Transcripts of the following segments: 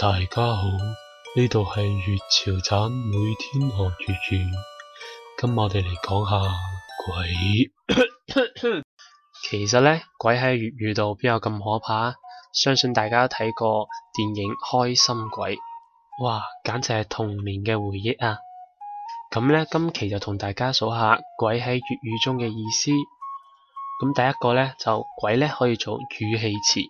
大家好，呢度係粵潮產，每天學粵語。今日我哋嚟講下鬼。 其實咧，鬼喺粵語度邊有咁可怕啊？相信大家都睇過電影《開心鬼》，哇，簡直係童年嘅回憶啊！咁咧，今期就同大家數下鬼喺粵語中嘅意思。咁、嗯、第一個咧，就鬼咧可以做語氣詞，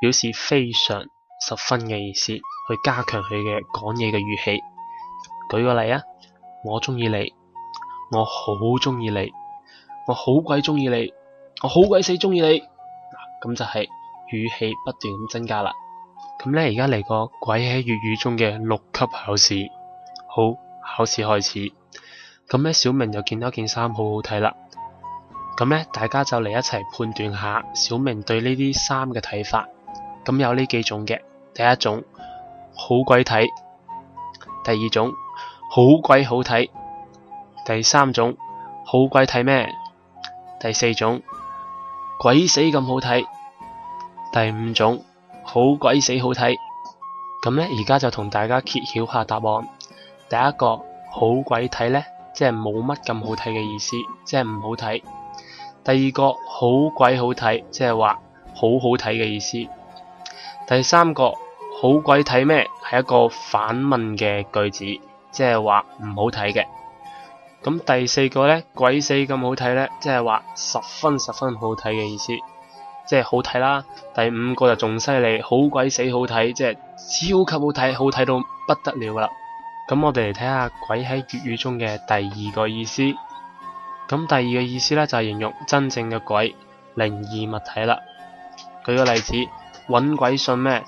表示非常。十分嘅意思，去加強佢嘅講嘢嘅語氣。舉個例啊，我鍾意你，我好鍾意你，我好鬼鍾意你，我好鬼死鍾意你，咁就係語氣不斷咁增加啦。咁呢，而家嚟個鬼喺粵語中嘅六級考試，好，考試開始。咁呢，小明就見到件衫好好睇啦。咁呢，大家就嚟一齊判斷下小明對呢啲衫嘅睇法。咁有呢幾種嘅，第一種好鬼睇，第二種好鬼好睇，第三種好鬼睇咩？第四種鬼死咁好睇，第五種好鬼死好睇。咁呢，而家就同大家揭曉下答案。第一個好鬼睇呢，即係冇乜咁好睇嘅意思，即係唔好睇。第二個好鬼好睇，即係話好好睇嘅意思。第三個好鬼睇咩？係一個反問嘅句子，即係話唔好睇嘅。咁第四個呢，鬼死咁好睇呢，即係話十分十分好睇嘅意思，即係好睇啦。第五個就仲犀利，好鬼死好睇，即係超級好睇，好睇到不得了啦。咁我哋嚟睇下鬼喺粵語中嘅第二個意思。咁第二個意思呢，就係形容真正嘅鬼、靈異物體啦。舉個例子。揾鬼信咩？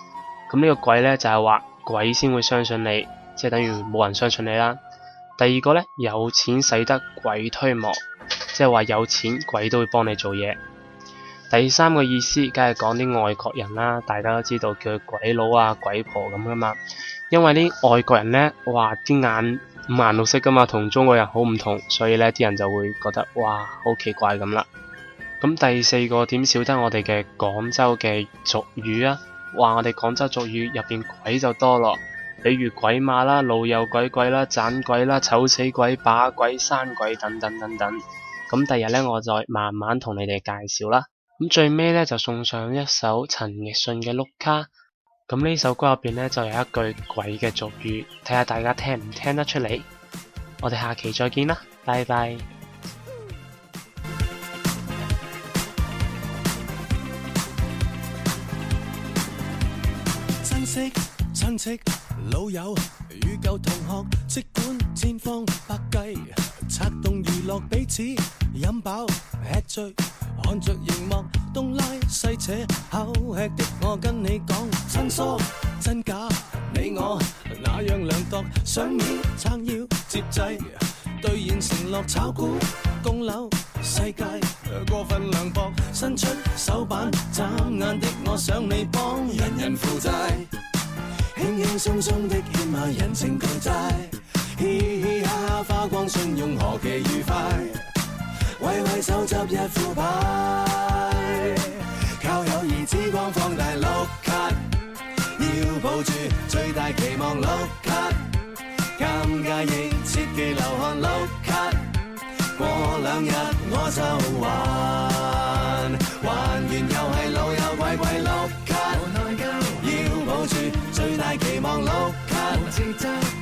咁呢個鬼呢，就係話鬼先會相信你，即係等於冇人相信你啦。第二個呢，有錢使得鬼推磨，即係話有錢鬼都會幫你做嘢。第三個意思，梗係講啲外國人啦，大家都知道叫鬼佬啊、鬼婆咁噶嘛。因為啲外國人呢，哇啲眼五顏六色噶嘛，同中國人好唔同，所以呢啲人就會覺得哇好奇怪咁啦。咁第四個點少得我哋嘅廣州嘅俗語啊？話我哋廣州俗語入面鬼就多咯，比如鬼馬啦、老友鬼鬼啦、盞鬼啦、醜死鬼、把鬼、山鬼等等等等。咁第日咧，我再慢慢同你哋介紹啦。咁最尾咧，就送上一首陳奕迅嘅《碌卡》。咁呢首歌入面咧，就有一句鬼嘅俗語，睇下大家聽唔聽得出嚟。我哋下期再見啦，拜拜。親戚、老友與舊同學，即管千方百計策動娛樂彼此，飲飽吃醉，看着熒幕東拉西扯，口吃的我跟你講，親疏真假，你我那樣量度，想要撐腰接濟，兌現承諾炒股。供樓世界過份涼薄，伸出手板，眨眼的我想你幫，人人負債，輕輕鬆鬆的欠下人情巨債，嘻嘻哈、啊、哈花光信用何其愉快，位位手執一副牌，靠友誼之光放大碌卡，要抱住最大期望碌卡，尷尬亦切忌流汗碌卡。過兩日我就還，還完又係老友鬼鬼碌卡。要抱住最大期望，碌卡，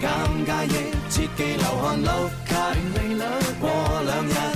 更加易介切忌流汗，碌卡，過兩日。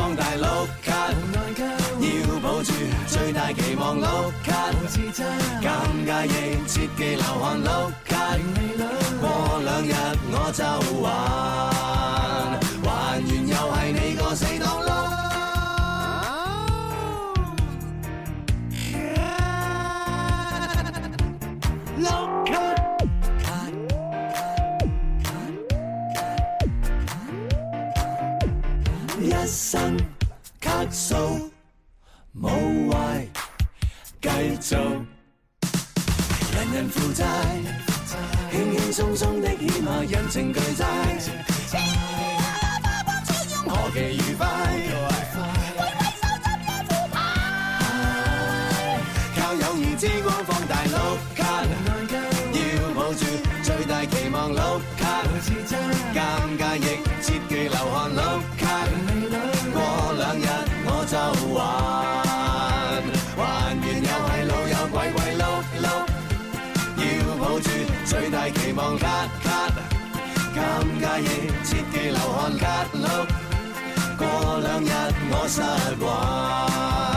最大期望碌卡好自在，尷尬亦切忌流汗。碌、no, 卡，過兩日我就還，還完又係你個死黨咯。碌、no, 卡、oh, yeah, no,，卡,卡,卡,卡,卡,卡,卡,一生卡數。人人負債，輕輕鬆鬆的欠下，人情巨債，啊。花光穿窿，何其愉快！對手怎樣腐敗，靠友誼之光放大碌卡。碌卡，要抱住最大期望碌卡，碌卡，尷尬亦切忌流汗碌卡。碌卡，兩過兩日我就還。最大期望卡卡尷尬亦切忌流汗卡路過兩日我習慣。